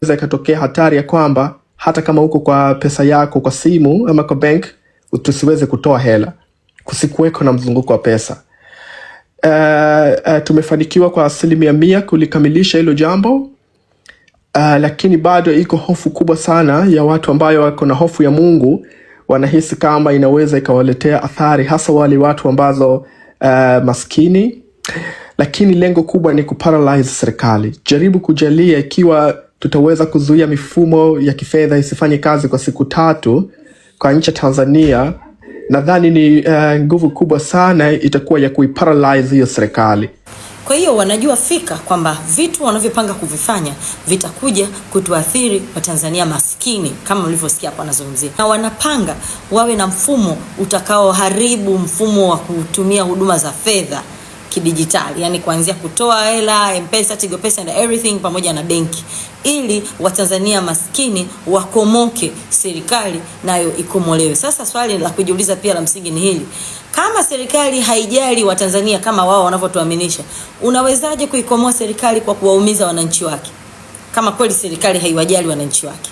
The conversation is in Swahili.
inaweza ikatokea hatari ya kwamba hata kama uko kwa pesa yako kwa simu ama kwa bank tusiweze kutoa hela, kusikuweko na mzunguko wa pesa. Uh, uh, tumefanikiwa kwa asilimia mia kulikamilisha hilo jambo uh, lakini bado iko hofu kubwa sana ya watu ambayo wako na hofu ya Mungu, wanahisi kama inaweza ikawaletea athari, hasa wale watu ambazo uh, maskini, lakini lengo kubwa ni kuparalyze serikali. Jaribu kujalia ikiwa tutaweza kuzuia mifumo ya kifedha isifanye kazi kwa siku tatu kwa nchi ya Tanzania, nadhani ni eh, nguvu kubwa sana itakuwa ya kuiparalyze hiyo serikali. Kwa hiyo wanajua fika kwamba vitu wanavyopanga kuvifanya vitakuja kutuathiri Watanzania maskini kama ulivyosikia hapo anazungumzia, na wanapanga wawe na mfumo utakaoharibu mfumo wa kutumia huduma za fedha kidijitali, yani kuanzia kutoa hela Mpesa, Tigo Pesa and everything pamoja na benki, ili Watanzania maskini wakomoke, serikali nayo ikomolewe. Sasa swali la kujiuliza pia la msingi ni hili, kama serikali haijali Watanzania kama wao wanavyotuaminisha, unawezaje kuikomoa serikali kwa kuwaumiza wananchi wake, kama kweli serikali haiwajali wananchi wake?